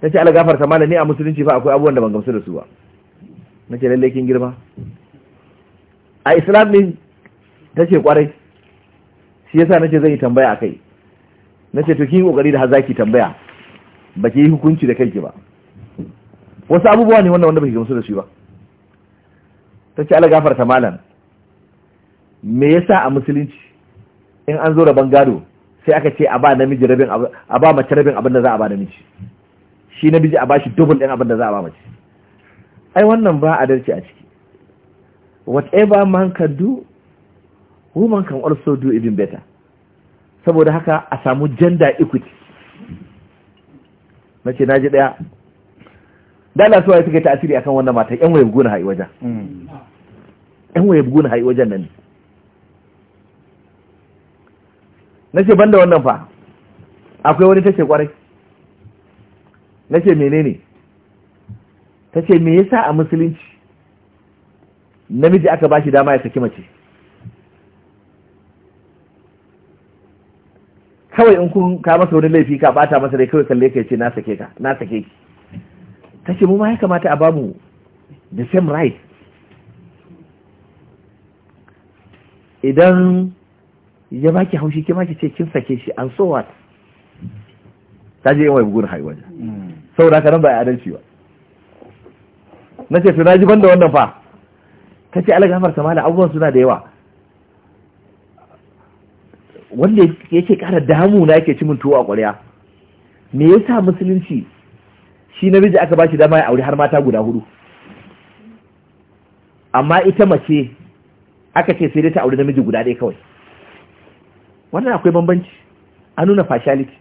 ta ce alagafar ta malami a musulunci fa akwai abubuwan da ban gamsu da su ba na ce lallai kin girma a islam ne ta ce kwarai shi yasa na ce zan yi tambaya a kai na ce to kin kokari da har tambaya ba ki yi hukunci da kanki ba wasu abubuwa ne wannan wanda ba ki gamsu da shi ba ta ce ala gafarta malam me yasa a musulunci in an zo rabon gado sai aka ce a ba namiji rabin a ba mace rabin abin da za a ba namiji shi namiji a ba shi dubul din abin da za a ba mace ai wannan ba adalci a ciki whatever man can do woman can also do even better saboda haka a samu gender equity na ce na ji ɗaya dala suwa suka yi ta'asiri akan wannan mata yan waye gona hayi wajen yan hmm. waye gona hayi wajen nan na ce banda wannan fa akwai wani tace kwarai na ce menene ta ce me yasa a musulunci namiji aka bashi dama ya saki mace kawai in kun ka masa wani laifi ka bata masa dai kawai kalle ka ce na sake ka na sake ki tace mu ma ya kamata a bamu the same right idan ya baki haushi ke maki ce kin sake shi an so what ta je yawan bugun haiwa ne saboda ka nan ba ya adalci ba na ce to na ji banda wannan fa ta ce algamar samala abubuwan suna da yawa wanda yake kara damu na yake cimin tuwo a ƙwarya me yasa musulunci shi namiji aka ba bashi dama ya aure har mata guda hudu amma ita mace aka ce sai dai ta aure namiji guda ɗaya kawai wannan akwai bambanci an nuna fashaliti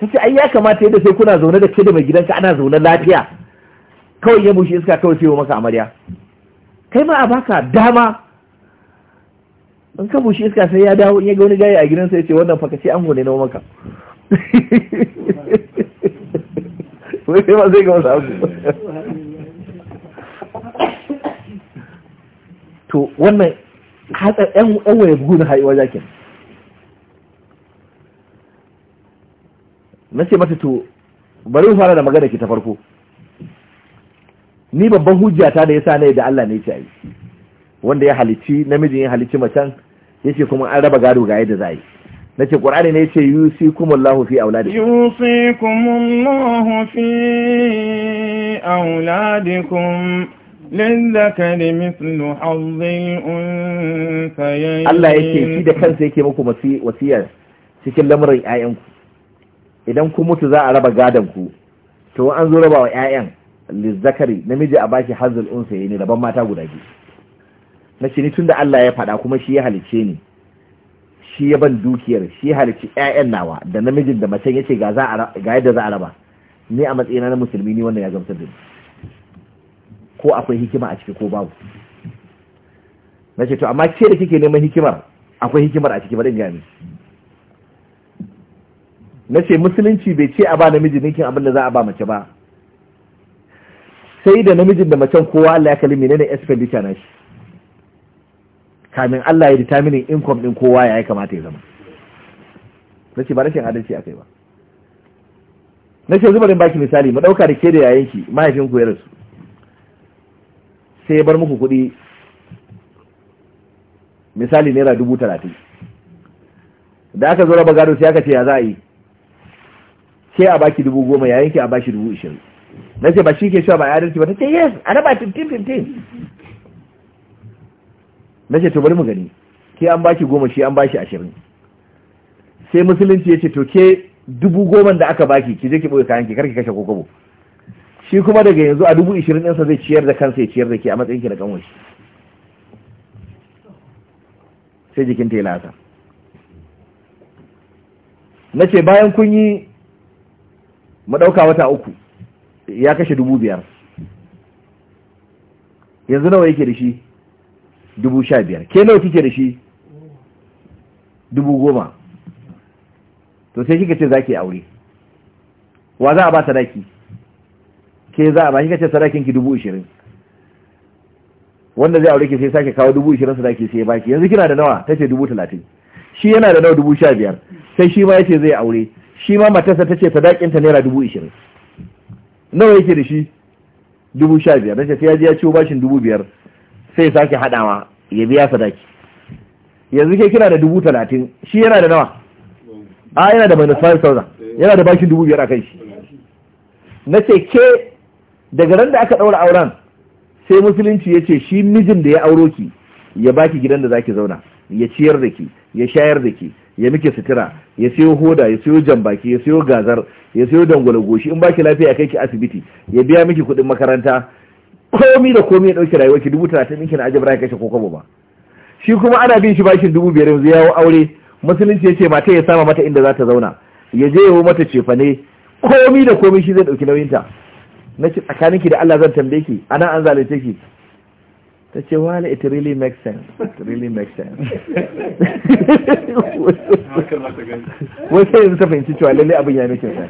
ta ce ai ya kamata yadda sai kuna zaune da ke da mai gidanka ana zaune lafiya kawai ya bushe iska kawai sai maka amarya kai ma a baka dama in ka bushe iska sai ya dawo in ya ga wani gaya a gidansa ya ce wannan faka ce an gode na maka [LAUGHS] wai ma zai ga wasu abu to wannan hatsar yan uwa ya bugu na haiwa zakin na ce mata to bari mu fara da magana ki ta farko ni babban hujjata da na yi da Allah ne ya ci wanda ya halici namijin ya halici macen yace kuma an raba gado ga yadda za yi na ce ƙwararri ne yace yusi kuma fi auladikum yusi kuma fi auladikum للذكر مثل Allah yake shi da kansa yake muku wasiya cikin lamarin ku idan ku mutu za a raba gadon ku to an zo raba wa ayyan zakari namiji a bashi hadhil unsa ne raban mata guda biyu na shi ni tun da Allah ya faɗa kuma shi ya halice ni shi ya ban dukiyar shi ya halice ƴaƴan nawa da namijin da macen yace ga za ga yadda za a raba ni a matsayina na musulmi ni wannan ya gamsar da ni ko akwai hikima a ciki ko babu na ce to amma ke da kike neman hikimar akwai hikimar a ciki ba in gani na ce musulunci bai ce a ba namiji ninkin abin da za a ba mace ba sai da namijin da macen kowa Allah ya kalli menene expenditure na shi kamin Allah ya determine income din kowa ya yi kamata ya zama nace ba rashin adalci a kai ba nace zuba din baki misali mu dauka da ke da yayin ki mahaifin ku ya rasu sai ya bar muku kuɗi misali naira dubu talatin da aka zo raba gado sai aka ce ya za a yi sai a baki dubu goma yayin ki a bashi dubu ishirin na ce ba shi ke cewa ba adalci ba ta ce yes a raba tintin tintin na ce to bari mu gani ke an baki goma shi an bashi ashirin sai musulunci ya ce to ke dubu goman da aka baki ki je ki boye kayan ki karki kashe kokobo shi kuma daga yanzu a dubu ishirin ɗinsa zai ciyar da kansa ya ciyar da ke a matsayin ki na da shi sai jikin ta yi lasa na ce bayan kun yi mu wata uku ya kashe dubu biyar yanzu nawa yake da shi dubu sha biyar ke nawa kike da shi dubu goma to sai kika ce za ki aure wa za a ba sadaki ke za a ba kika ce sadakin ki dubu ishirin wanda zai aure ki sai sake kawo dubu ishirin sadaki sai baki yanzu kina da nawa ta ce dubu talatin shi yana da nawa dubu sha biyar sai shi ma ya ce zai aure shi ma matarsa ta ce sadakinta naira dubu ishirin nawa yake da shi dubu sha biyar na ce sai ya je ya ciwo bashin dubu biyar sai sake haɗawa ya biya sadaki yanzu ke kira da dubu talatin shi yana da nawa a yana da minus five thousand yana da bashin dubu biyar a kan shi na ce ke daga ran da aka ɗaura auren sai musulunci ya ce shi mijin da ya auro ki ya baki gidan da zaki zauna ya ciyar da ki ya shayar da ki ya muke sutura ya siyo hoda ya siyo jambaki ya siyo gazar ya siyo dangwale goshi in baki lafiya kai ki asibiti ya biya miki kuɗin makaranta komi da komi ya ɗauki rayuwarki ki dubu talatin ɗinki na ajiyar ya kashe ko kwabo ba shi kuma ana bin shi bashin dubu biyar yanzu yawo aure musulunci ya ce mata ya sama mata inda za ta zauna ya je yawo mata cefane komi da komi shi zai ɗauki nauyinta na ci ki da Allah zan tambaye ki ana an zalunce ki ta ce wala it really makes sense it really makes sense wai sai yanzu ta fahimci cewa lalle abin ya nufin sa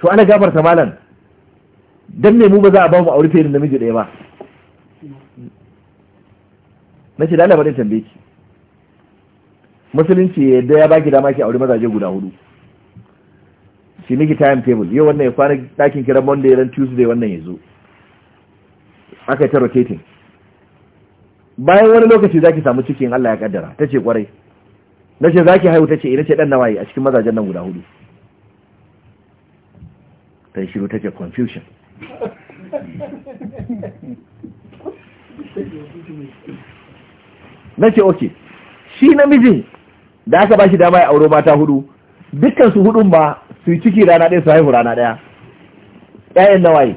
to ana gafarta malam dan ne mu ba za a ba mu aure fiye da namiji ɗaya ba na ce lalaba ɗin tambaye ki musulunci ya yadda ya baki dama ki aure mazaje guda hudu shi miki time table yau wannan ya kwana ɗakin kiran monday ran tuesday wannan ya zo aka yi ta rotating bayan wani lokaci zaki samu cikin Allah ya kaddara ta ce kwarai na ce zaki haihu ta ce ina ce dan nawayi a cikin mazajen nan guda hudu ta yi shiru ta ce confusion Nace oke shi namiji da aka ba shi dama ya auro mata hudu dukkan su hudun ba su yi ciki rana ɗaya su haihu rana ɗaya ƴaƴan nawaye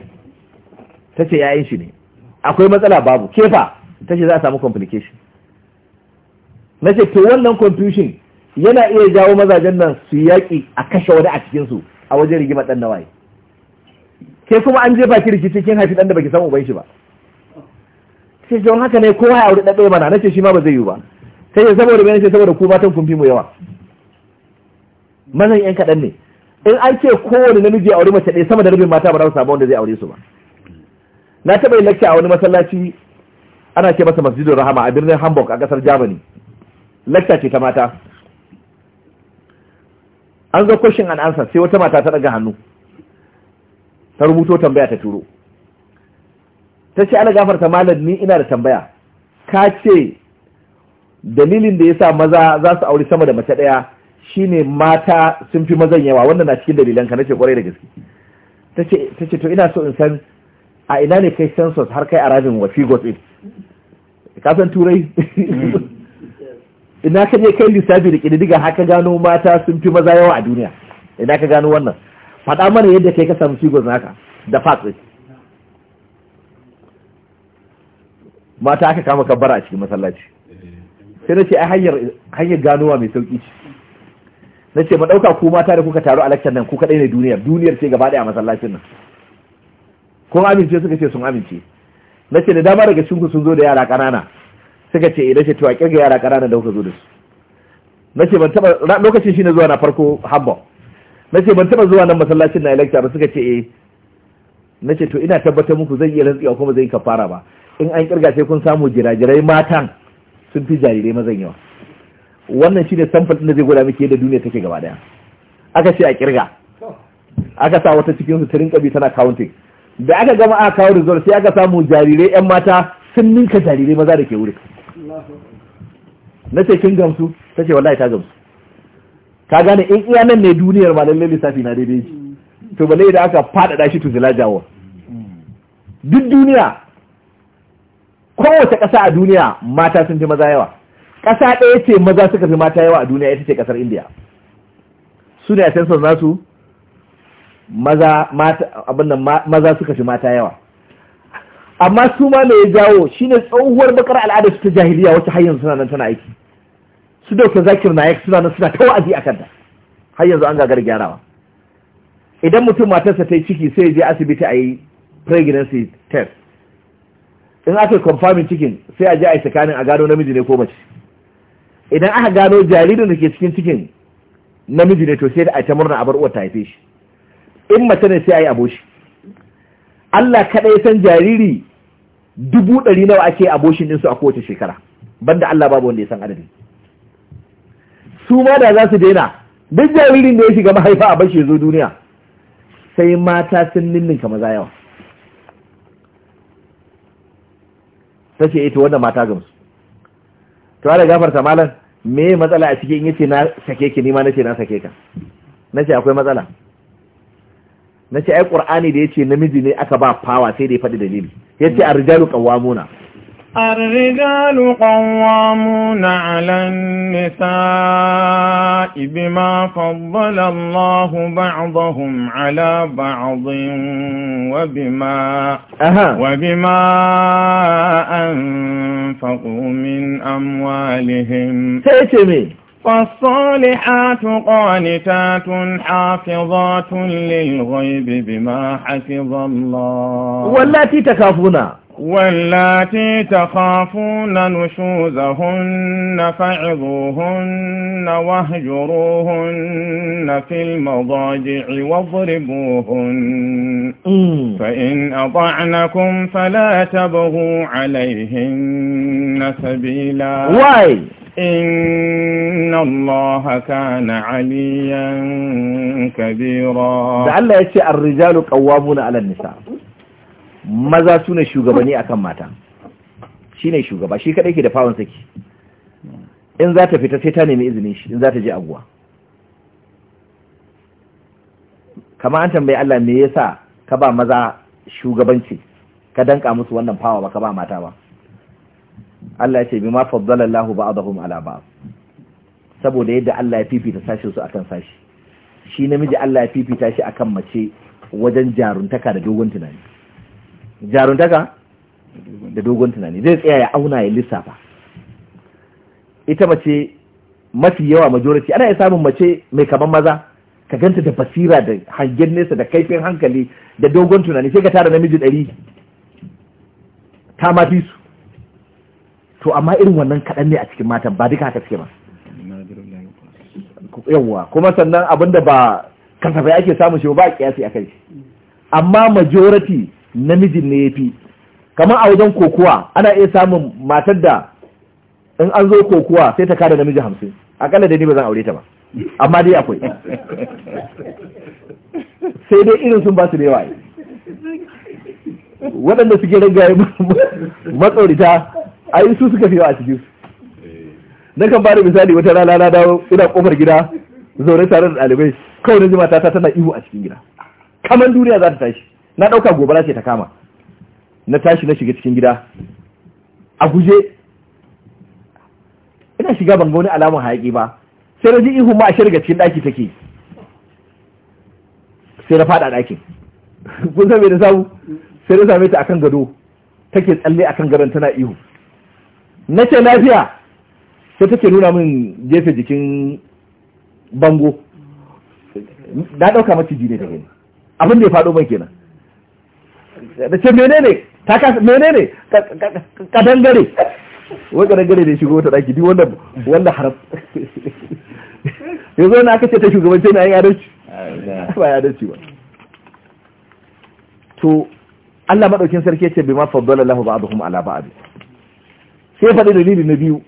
ta ce ƴaƴan shi ne akwai matsala babu kefa ta ce za a samu complication na ce to wannan confusion yana iya jawo mazajen nan su yaƙi a kashe wani a cikinsu a wajen rigimar ɗan nawaye ke kuma an je baki rikici kin haifi dan da baki san uban shi ba sai don haka ne kowa ya aure ɗaɗɗaya mana nace shi ma ba zai yi ba sai ya saboda bai nace saboda ku matan kun fi mu yawa mazan yan kaɗan ne in an ce kowane namiji ya aure mace ɗaya sama da rubin mata ba za su samu wanda zai aure su ba na taɓa yin lakci a wani masallaci ana ce masa masjidin rahama a birnin hamburg a ƙasar germany lakta ce ta mata an zo question and answer sai wata mata ta daga hannu ta rubuto tambaya ta turo ta ce ana gafarta malam ni ina da tambaya ka ce dalilin da ya sa maza za su auri sama da mace ɗaya shine mata sun fi mazan yawa wannan na cikin dalilan ka nace kwarai da gaske ta ce to ina so in san a ina ne kai census har kai a rajin wa figos ɗin ka san turai [LAUGHS] ina ka je kai lissafi da ƙididdiga haka gano mata sun fi maza yawa a duniya ina ka gano wannan faɗa mana yadda kai ka samu cigon naka da fatsi mata aka kama kabbara a cikin masallaci sai na ce ai hanyar ganowa mai sauƙi ce na ce maɗauka ku mata da kuka taru a lakcin nan ku kaɗai ne duniyar duniyar ce gaba ɗaya a masallacin nan kun amince suka ce sun amince na ce da dama daga cinku sun zo da yara ƙanana suka ce idan eh, ce tuwa ƙirga yara ƙanana da kuka zo da su na ce ban taɓa lokacin shi na zuwa na farko habba na ce ban taba zuwa nan masallacin na lecture ba suka ce eh na ce to ina tabbatar muku zai iya rantsuwa kuma zai kafara ba in an kirga sai kun samu jirajirai matan sun fi jarirai mazan yawa wannan shine sample din da zai gwada miki yadda duniya take gaba daya aka ce a kirga aka sa wata cikin su tarin kabi tana counting da aka gama a kawo result sai aka samu jarirai yan mata sun ninka jarirai maza da ke wuri na ce kin gamsu ta ce wallahi ta gamsu ka gane in iya nan ne duniyar ba lallai lissafi na daidai ji to balle da aka faɗaɗa shi to zilajawa duk duniya kowace ƙasa a duniya mata sun fi maza yawa ƙasa ɗaya ce maza suka fi mata yawa a duniya ita ce ƙasar indiya su ne a can son nasu maza maza suka fi mata yawa amma su ma me ya jawo shine tsohuwar bakar al'ada su ta jahiliya wacce har yanzu suna nan tana aiki su dauke zakir na yak suna suna ta wa'azi a kanta, har yanzu an gagar gyarawa idan mutum matarsa ta yi ciki sai ya je asibiti a yi pregnancy test in aka confirming cikin sai a je a yi tsakanin a gano namiji ne ko mace idan aka gano jaririn da ke cikin cikin namiji ne to sai da a ta murna a bar uwar ta haife shi in mace ne sai a yi aboshi Allah kaɗai san jariri dubu ɗari nawa ake aboshin ɗinsu a kowace shekara banda Allah babu wanda ya san adadin su ma da za su daina duk jaririn da ya shiga mahaifa a bashi zo duniya sai mata sun ka maza yawa ta ce ita eh, wanda mata gamsu to da gafarta malam me matsala a cikin yace na sake ki nima nace na sake ka nace akwai matsala nace ai qur'ani da yace namiji ne aka ba power sai da ya faɗi dalili yace ar-rijalu qawwamuna الرجال قوامون على النساء بما فضل الله بعضهم على بعض وبما أها. وبما أنفقوا من أموالهم تأتمي فالصالحات قانتات حافظات للغيب بما حفظ الله والتي تكافون واللاتي تخافون نشوزهن فعظوهن واهجروهن في المضاجع واضربوهن فإن أطعنكم فلا تبغوا عليهن سبيلا واي إن الله كان عليا كبيرا لعل الرجال قوامون على النساء maza su ne shugabanni kan mata shi ne shugaba shi kaɗai ke da fawon saki in za ta fita sai ta nemi izinin shi in za ta je aguwa kama an tambayi Allah me yasa ka ba maza shugabanci ka danka musu wannan fawa ba ka ba mata ba Allah ya ce bima faddala Allah ba'dahum ala ba'd saboda yadda Allah ya fifita sashi su akan sashi shi namiji Allah ya fifita shi akan mace wajen jaruntaka da dogon tunani jaruntaka da dogon tunani zai tsaya ya auna ya lissafa ita mace mafi yawa majority ana iya samun mace mai kaman maza ka ganta da basira da hangen nesa da kaifin hankali da dogon tunani sai ka tara namiji ɗari ta mafi su to amma irin wannan kaɗan ne a cikin matan ba duka haka suke ba yawwa kuma sannan abinda ba kasafai ake samun shi ba a kiyasi a kai amma majority namijin ne yafi kamar a wajen kokuwa ana iya samun matar da in an zo kokuwa sai ta kada namiji hamsin akalla da ni ba zan aure ta ba amma dai akwai sai dai irin sun ba su da yawa waɗanda suke rangaye matsaurita a yi su suka fi a cikin na kan ba da misali wata rana na dawo ina kofar gida zaune tare da ɗalibai kawai na jima ta tana ihu a cikin gida Kaman duniya za ta tashi na ɗauka gobara ce ta kama na tashi na shiga cikin gida a guje ina shiga ban ga wani alamun hayaƙi ba sai na ji ihu ma a shirga cikin ɗaki take sai na faɗa ɗakin [LAUGHS] kun san da samu sai na same ta akan gado take tsalle akan gadon tana ihu na ce lafiya sai take nuna min gefe jikin bango na ɗauka maciji ne da gani abin da ya faɗo ban kenan da ce menene ta kasa menene dangare wai dangare ne shigo ta daki duk wanda wanda yanzu na aka ce ta ce na yin adalci ba ya adalci ba to Allah madaukin sarki ya ce bima faddala lahu ba'dhum ala ba'd sai faɗi dalili na biyu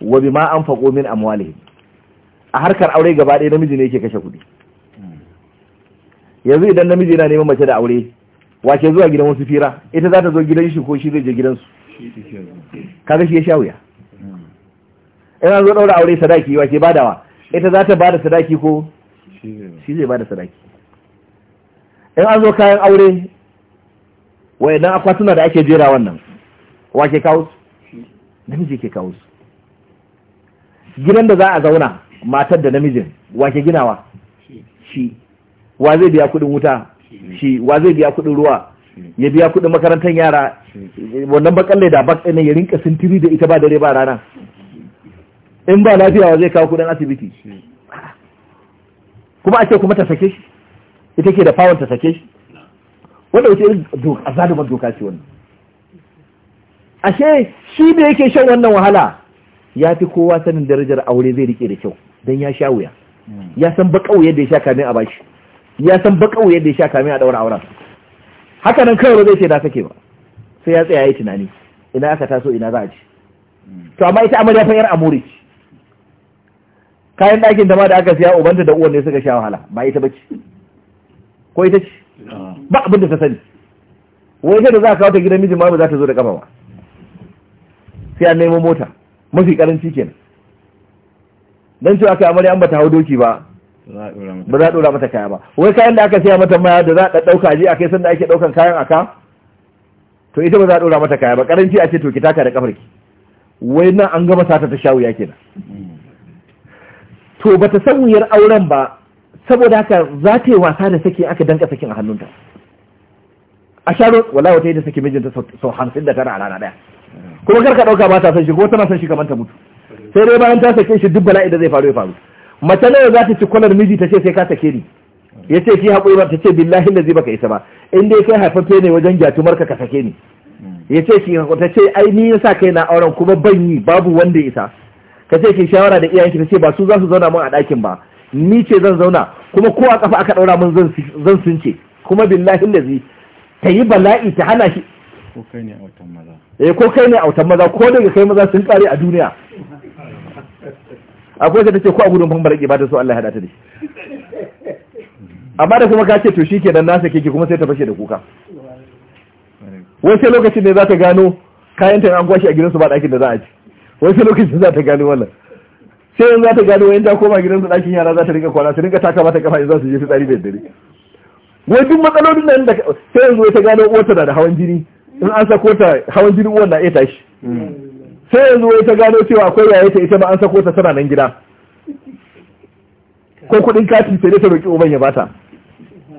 wa bima anfaqu min amwalihim a harkar aure gaba ɗaya namiji ne yake kashe kuɗi yanzu idan namiji na neman mace da aure wace zuwa gidan wasu fira ita za ta zo gidan shi ko shi zai je gidansu kaga shi ya sha wuya hmm. ina zo daura aure sadaki wace badawa ita za ta bada sadaki ko shi zai bada sadaki in an zo kayan aure wai dan akwatuna da ake jera wannan wace kawo su namiji ke kawo su gidan da za a zauna matar da namijin wace ginawa shi wa zai biya kudin wuta shi wa zai biya kuɗin ruwa ya biya kuɗin makarantar yara wannan bakalle da bak ɗin ya rinka sintiri da ita ba dare ba rana in ba lafiya wa zai kawo kuɗin asibiti kuma a ce kuma ta sake shi ita ke da fawon ta sake shi wanda wuce irin a zaluman doka ce wannan ashe shi da yake shan wannan wahala ya fi kowa sanin darajar aure zai rike da kyau don ya sha wuya ya san ba yadda da ya sha kamin a bashi ya san bakau yadda ya sha kamin a daura auren haka nan kawai zai ce na sake ba sai ya tsaya yi tunani ina aka taso ina za a ci to amma ita amarya fa yar amuri kayan ɗakin da ma da aka siya ubanta da uwan ne suka sha wahala ba ita bace ko ita ce ba abin da ta sani wai ita da za a kawo ta gidan mijin ma za ta zo da kafa ba sai an nemo mota mafi karanci kenan dan cewa kai amarya an bata hau doki ba ba za a dora mata kaya ba wai kayan da aka siya mata maya da za a ɗauka je a kai sanda ake ɗaukan kayan aka to ita ba za a dora mata kaya ba karanci a ce to ki taka da kafarki wai nan an gama sata ta shawu ya kenan to bata san wuyar auren ba saboda haka za ta yi wasa da saki aka danka sakin a hannunta a sharo wala wata yi da sake mijinta sau hamsin da tara a rana ɗaya kuma kar ka ɗauka ba ta san shi ko tana san shi kamar ta mutu sai dai bayan ta sake shi duk bala'i da zai faru ya faru mace nawa za ta ci kwalar miji ta ce sai ka sake ni ya ce ki haƙuri ba ta ce billahi da zai baka isa ba in dai kai haifaffe ne wajen gyatumar ka ka sake ni ya ce ki ta ce ai ni yasa kai na auren kuma ban yi babu wanda ya isa ka ce ki shawara da iyayenki ta ce ba su za su zauna mun a ɗakin ba ni ce zan zauna kuma ko a kafa aka ɗaura mun zan sun ce kuma billahi da zai ta yi bala'i ta hana shi ko kai ne a wutan maza eh, ko kai ne wutan maza ko daga kai maza sun kare a duniya akwai da ce ko a gudun barake ba ta so Allah ya hada ta da shi amma da kuma ka ce to shi shikenan nasa keke kuma sai ta fashe da kuka wai sai lokacin da za ta gano kayan ta an kwashi a gidansu ba ɗakin da za a ci wai sai lokacin za ta gano wannan sai yanzu za ta gano wai ta koma gidansu ɗakin yara za ta rinka kwana su rinka taka mata kafa in za su je fitsari da dare wai duk matsalolin nan da sai yanzu ta gano uwarta na da hawan jini in an sako ta hawan jini uwar na iya tashi sai yanzu wai ta gano cewa akwai yaya ta ita ba an sako ta tana nan gida ko kuɗin kati sai dai ta roki uban ya bata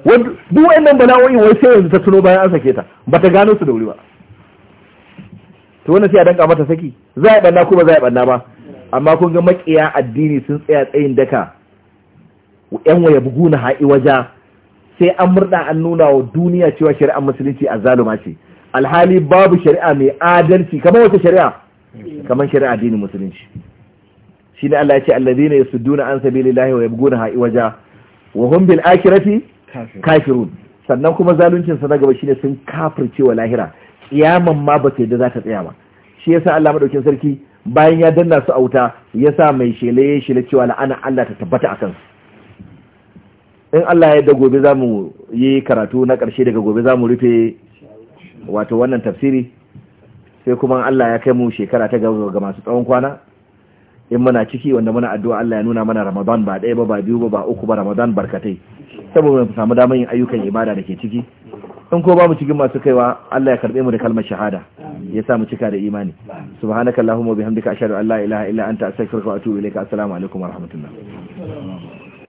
duk wa'annan bala'o'in wai sai yanzu ta tuno bayan an sake ta ba ta gano su da wuri ba to wannan sai a danka mata saki za a banna ko ba za a banna ba amma kun ga makiya addini sun tsaya tsayin daka yan waya bugu na ha'i waja sai an murda an nuna wa duniya cewa shari'ar musulunci azaluma ce alhali babu shari'a mai adalci kamar wata shari'a kamar shari'a addinin musulunci shi ne Allah ya ce allazina yasudduna an sabilillahi wa yabghuna ha'i waja wa hum bil akhirati kafirun sannan kuma zaluncin sa na gaba shine sun kafirce wa lahira kiyaman ma ba ta yadda za ta tsaya ba shi yasa Allah madaukin sarki bayan ya danna su a wuta yasa mai shele ya shele cewa la'ana Allah ta tabbata akan su in Allah ya yarda gobe mu yi karatu na karshe daga gobe zamu rufe wato wannan tafsiri sai kuma Allah ya kai mu shekara ta gaba ga masu tsawon kwana in muna ciki wanda muna addu'a Allah ya nuna mana Ramadan ba ɗaya ba ba biyu ba ba uku ba Ramadan barkatai saboda mu samu damar yin ayyukan ibada da ke ciki in ko ba mu cikin masu kaiwa Allah ya karbe mu da kalmar shahada ya sa mu cika da imani subhanakallahumma wa bihamdika ashhadu an la ilaha illa anta astaghfiruka wa atubu ilaika assalamu alaikum wa rahmatullahi